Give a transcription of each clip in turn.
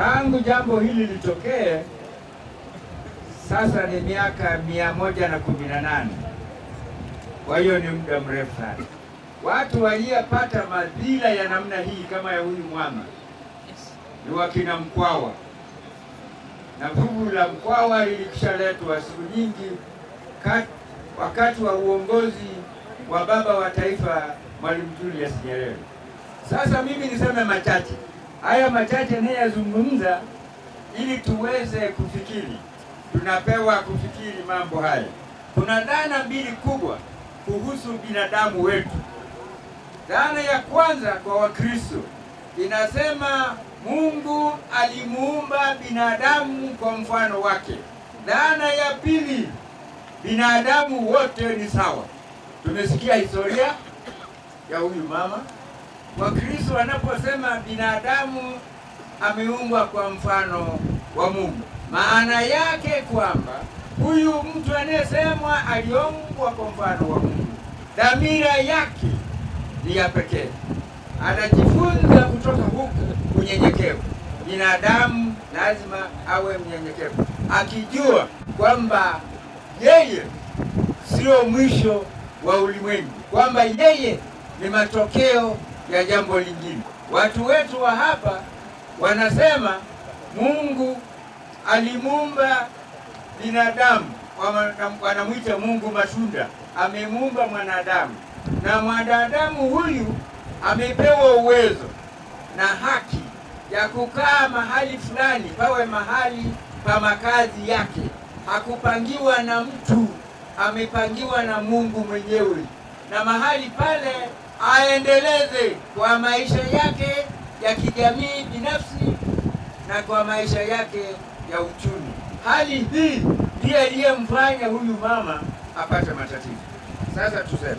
tangu jambo hili litokee sasa ni miaka mia moja na kumi na nane. Kwa hiyo ni muda mrefu sana. Watu waliyapata madhila ya namna hii kama ya huyu mwama ni wakina Mkwawa, na fugu la Mkwawa lilikishaletwa siku nyingi wakati wa uongozi wa baba wa taifa Mwalimu Julius Nyerere. Sasa mimi niseme machache. Haya machache ninayozungumza ili tuweze kufikiri, tunapewa kufikiri mambo haya. Kuna dhana mbili kubwa kuhusu binadamu wetu. Dhana ya kwanza kwa Wakristo inasema Mungu alimuumba binadamu kwa mfano wake. Dhana ya pili, binadamu wote ni sawa. Tumesikia historia ya huyu mama Wakristo Yesu anaposema binadamu ameumbwa kwa mfano wa Mungu, maana yake kwamba huyu mtu anayesemwa aliumbwa kwa mfano wa Mungu, dhamira yake ni ya pekee. Anajifunza kutoka huku unyenyekevu. Binadamu lazima awe mnyenyekevu, akijua kwamba yeye sio mwisho wa ulimwengu, kwamba yeye ni matokeo ya jambo lingine. Watu wetu wa hapa wanasema Mungu alimuumba binadamu, wanamwita Mungu Mashunda, amemuumba mwanadamu na mwanadamu huyu amepewa uwezo na haki ya kukaa mahali fulani, pawe mahali pa makazi yake. Hakupangiwa na mtu, amepangiwa na Mungu mwenyewe, na mahali pale aendeleze kwa maisha yake ya kijamii binafsi na kwa maisha yake ya uchumi. Hali hii ndiye iliyemfanya huyu mama apate matatizo. Sasa tuseme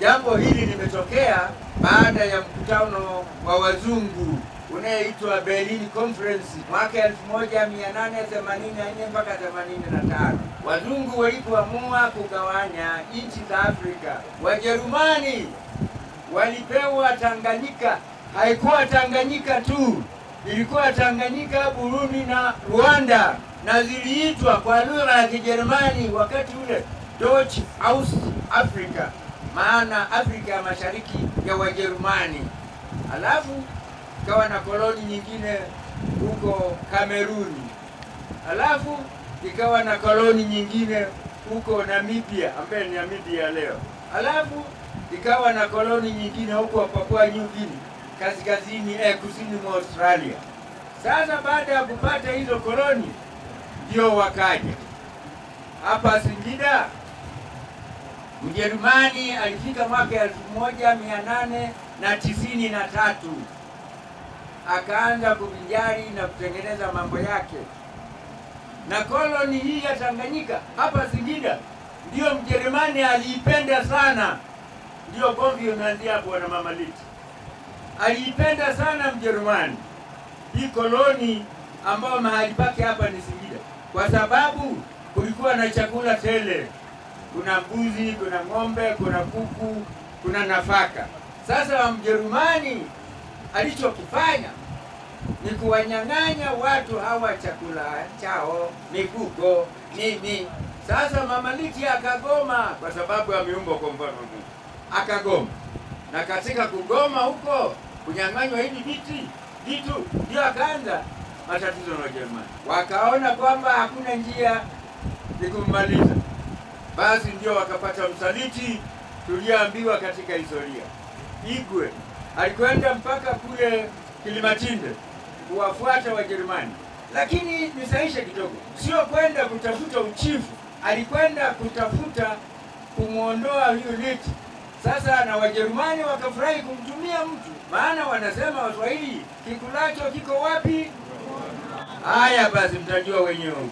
jambo hili limetokea baada ya mkutano wa wazungu unayeitwa Berlin Conference mwaka 1884 mpaka 85. Wazungu walipoamua kugawanya nchi za Afrika, Wajerumani walipewa Tanganyika. Haikuwa Tanganyika tu, ilikuwa Tanganyika, Burundi na Rwanda, na ziliitwa kwa lugha ya Kijerumani wakati ule Deutsch aus Afrika, maana Afrika ya Mashariki ya Wajerumani. Alafu ikawa na koloni nyingine huko Kameruni, alafu ikawa na koloni nyingine huko Namibia ambaye ni Namibia leo, alafu ikawa na koloni nyingine huko Papua New Guinea kaskazini, eh, kusini mwa Australia. Sasa baada ya kupata hizo koloni ndio wakaja hapa Singida. Mjerumani alifika mwaka elfu moja mia nane na tisini na tatu akaanza kuvinjari na kutengeneza mambo yake, na koloni hii ya Tanganyika hapa Singida ndiyo Mjerumani aliipenda sana ndio gomvi umeanzia hapo. Bwana mama Liti aliipenda sana Mjerumani hii koloni ambayo mahali pake hapa ni Singida, kwa sababu kulikuwa na chakula tele, kuna mbuzi, kuna ng'ombe, kuna kuku, kuna nafaka. Sasa Mjerumani alichokifanya ni kuwanyang'anya watu hawa chakula chao, mifugo, nini. Sasa mama Liti akagoma kwa sababu ya miumbo, kwa mfano Mungu akagoma, na katika kugoma huko kunyang'anywa hivi viti vitu ndio akaanza matatizo na Wajerumani. Wakaona kwamba hakuna njia ni kummaliza, basi ndio wakapata msaliti tuliyoambiwa katika historia. Igwe alikwenda mpaka kule Kilimatinde kuwafuata Wajerumani, lakini nisaishe kidogo, sio kwenda kutafuta uchifu, alikwenda kutafuta kumwondoa huyu Liti sasa na Wajerumani wakafurahi kumtumia mtu, maana wanasema Waswahili, kikulacho kiko wapi? Haya basi, mtajua wenyewe.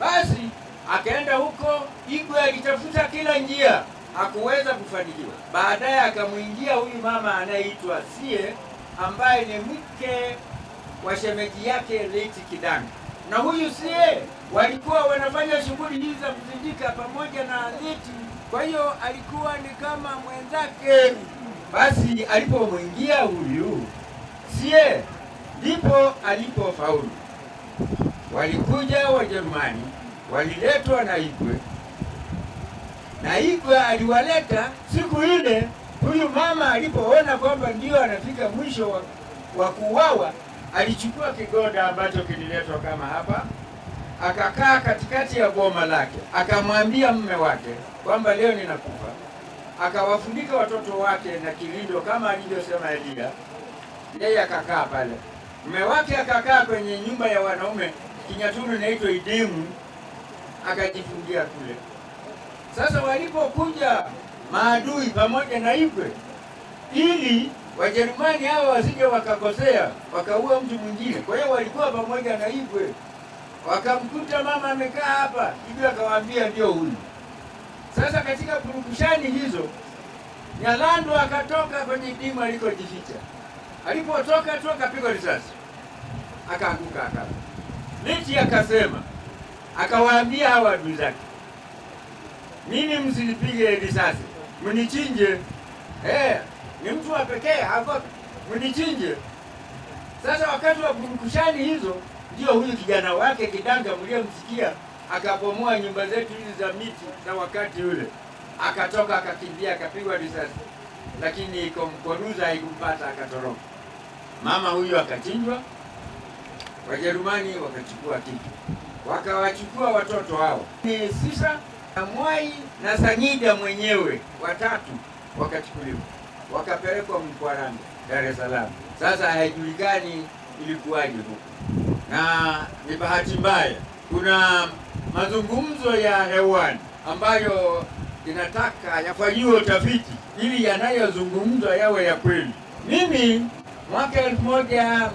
Basi akaenda huko, Igwe alitafuta kila njia, hakuweza kufanikiwa. Baadaye akamwingia huyu mama anayeitwa Sie ambaye ni mke wa shemeji yake Leti Kidanga, na huyu Sie walikuwa wanafanya shughuli hizi za kuzindika pamoja na Leti kwa hiyo alikuwa ni kama mwenzake. Basi alipomwingia huyu sie, ndipo alipofaulu. Walikuja Wajerumani, waliletwa na Igwe na Igwe aliwaleta siku ile. Huyu mama alipoona kwamba ndio anafika mwisho wa kuuawa, alichukua kigoda ambacho kililetwa kama hapa akakaa katikati ya boma lake, akamwambia mme wake kwamba leo ninakufa, akawafunika watoto wake na kilindo kama alivyosema Elia. Yeye akakaa pale, mme wake akakaa kwenye nyumba ya wanaume Kinyaturu inaitwa Idemu, akajifungia kule. Sasa walipokuja maadui pamoja na Ibwe ili Wajerumani hawa wasije wakakosea wakaua mtu mwingine, kwa hiyo walikuwa pamoja na Ibwe wakamkuta mama amekaa hapa, Kibiwe akawaambia ndio huyu. Sasa katika purukushani hizo, Nyalandu akatoka kwenye dimu alikojificha. Alipotoka tu akapigwa risasi, akaanguka aka Lichi akasema, akawaambia hawa adui zake, mimi msinipige risasi, mnichinje. Eh, ni mtu wa pekee hapo, mnichinje. Sasa wakati wa purukushani hizo ndio huyu kijana wake Kidanga mliyemsikia akapomoa nyumba zetu hizi za miti za wakati ule, akatoka akakimbia, akapigwa risasi, lakini ikomkoruza haikumpata akatoroka. Mama huyu akachinjwa, Wajerumani wakachukua kitu, wakawachukua watoto hao ni Sisa na Mwai na Sangida mwenyewe, watatu wakachukuliwa, wakapelekwa Mkwarani, Dar es Salaam. Sasa haijulikani ilikuwaje huko na ni bahati mbaya kuna mazungumzo ya hewani ambayo inataka yafanyiwe utafiti ili yanayozungumzwa yawe ya kweli. Mimi mwaka 1966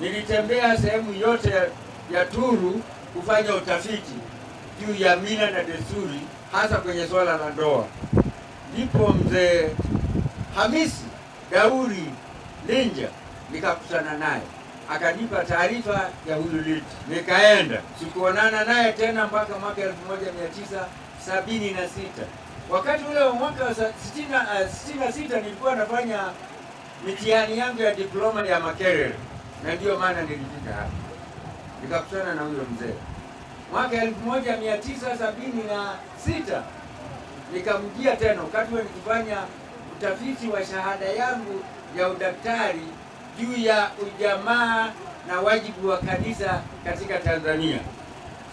nilitembea sehemu yote ya Turu kufanya utafiti juu ya mila na desturi, hasa kwenye swala la ndoa. Ndipo mzee Hamisi Dauri Linja nikakutana naye akanipa taarifa ya huyu Hululiti, nikaenda. Sikuonana naye tena mpaka mwaka 1976 wakati ule wa mwaka 66 eh, nilikuwa nafanya mitihani yangu ya diploma ya Makerere, na ndiyo maana nilifika hapa nikakutana na huyo mzee mwaka 1976 nikamjia tena, wakati nikifanya utafiti wa shahada yangu ya udaktari juu ya ujamaa na wajibu wa kanisa katika Tanzania.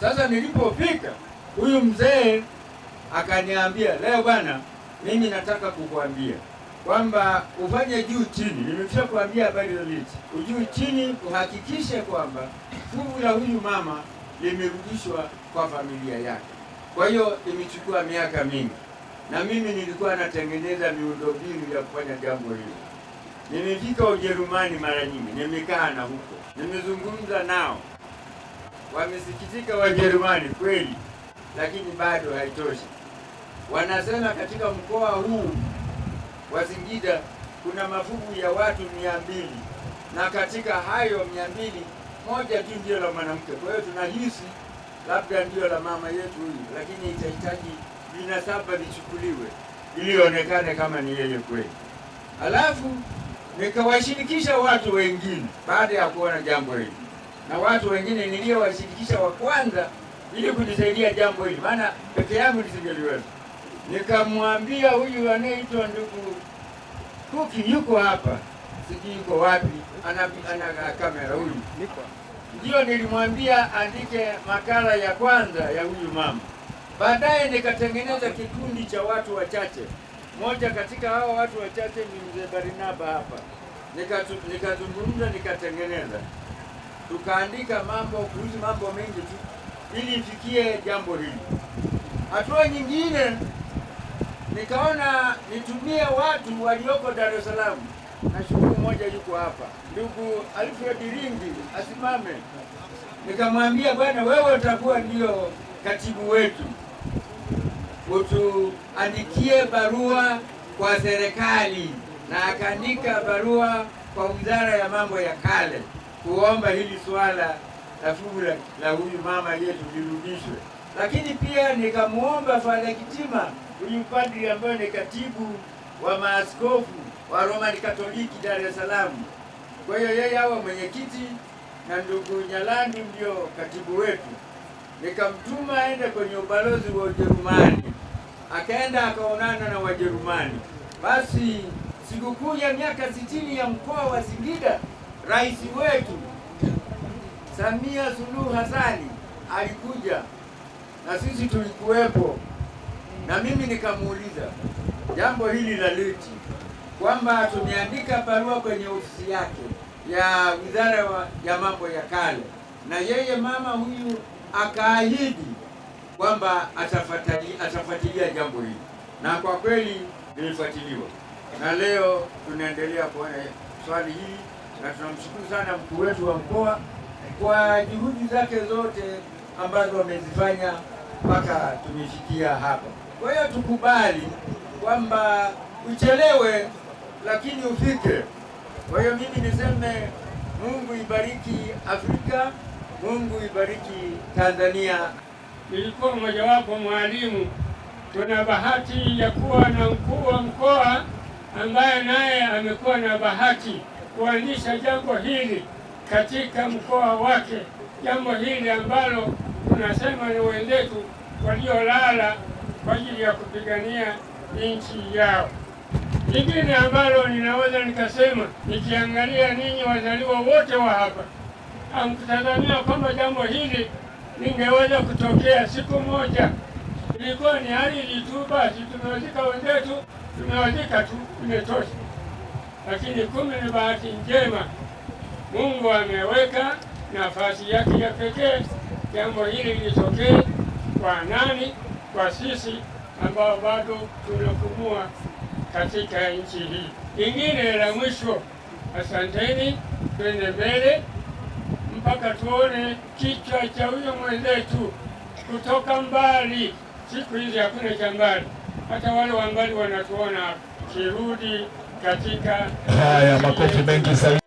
Sasa nilipofika, huyu mzee akaniambia, leo bwana, mimi nataka kukuambia kwamba ufanye juu chini. Nimesha kuambia habari za miti, ujuu chini, uhakikishe kwamba fuvu la huyu mama limerudishwa kwa familia yake. Kwa hiyo imechukua miaka mingi, na mimi nilikuwa natengeneza miundombinu ya kufanya jambo hilo. Nimefika Ujerumani mara nyingi, nimekaa na huko, nimezungumza nao, wamesikitika Wajerumani kweli, lakini bado haitoshi. Wanasema katika mkoa huu wa Singida kuna mafuvu ya watu mia mbili na katika hayo mia mbili moja tu ndio la mwanamke. Kwa hiyo tunahisi labda ndio la mama yetu huyu, lakini itahitaji vinasaba vichukuliwe ili ionekane kama ni yeye kweli, halafu nikawashirikisha watu wengine baada ya kuona jambo hili, na watu wengine niliyowashirikisha wa kwanza ili kujisaidia jambo hili, maana peke yangu nisingeliweza. Nikamwambia huyu anaitwa ndugu Kuki, yuko hapa, sijui yuko wapi, ana kamera huyu. Ndio nilimwambia andike makala ya kwanza ya huyu mama. Baadaye nikatengeneza kikundi cha watu wachache moja katika hao watu wachache ni mzee Barinaba hapa, nikazungumza nikatengeneza, tukaandika mambo kuhusu mambo mengi tu ili ifikie jambo hili. Hatua nyingine nikaona nitumie watu walioko Dar es Salaam, na shukuru mmoja yuko hapa, ndugu Alfred Ringi asimame. Nikamwambia, bwana, wewe utakuwa ndio katibu wetu utuandikie barua kwa serikali, na akaandika barua kwa wizara ya mambo ya kale kuomba hili swala la fungu la huyu mama yetu lirudishwe. Lakini pia nikamwomba Fadha Kitima, huyu padri ambaye ni katibu wa maaskofu wa Roman Katoliki Dar es Salaam. Kwa hiyo yeye hawa mwenyekiti na ndugu Nyalandi ndio katibu wetu nikamtuma aende kwenye ubalozi wa Ujerumani, akaenda akaonana na Wajerumani. Basi sikukuu ya miaka sitini ya mkoa wa Singida, rais wetu Samia Suluhu Hasani alikuja na sisi tulikuwepo, na mimi nikamuuliza jambo hili la liti kwamba tumeandika barua kwenye ofisi yake ya wizara ya mambo ya kale, na yeye mama huyu akaahidi kwamba atafuatilia jambo hili, na kwa kweli lilifuatiliwa, na leo tunaendelea kuona swali hili, na tunamshukuru sana mkuu wetu wa mkoa kwa juhudi zake zote ambazo wamezifanya mpaka tumefikia hapa. Kwa hiyo tukubali kwamba uchelewe lakini ufike. Kwa hiyo mimi niseme Mungu ibariki Afrika. Mungu ibariki Tanzania. Nilikuwa mmojawapo mwalimu. Tuna bahati ya kuwa na mkuu wa mkoa ambaye naye amekuwa na bahati kuanzisha jambo hili katika mkoa wake, jambo hili ambalo tunasema ni wenzetu waliolala kwa ajili ya kupigania nchi yao. Lingine ambalo ninaweza nikasema, nikiangalia ninyi wazaliwa wote wa hapa amkutazamia kwamba jambo hili lingeweza kutokea siku moja. Ilikuwa ni hali tu, basi tumewazika wenzetu, tumewazika tu, imetosha. Lakini kumi ni bahati njema, Mungu ameweka nafasi yake ya pekee, jambo hili litokee kwa nani? Kwa sisi ambao bado tunapumua katika nchi hii. Lingine la mwisho, asanteni, twende mbele mpaka tuone kichwa cha huyo mwenzetu kutoka mbali. Siku hizi hakuna cha mbali, hata wale wa mbali wanatuona kirudi katika haya makofi mengi zaidi.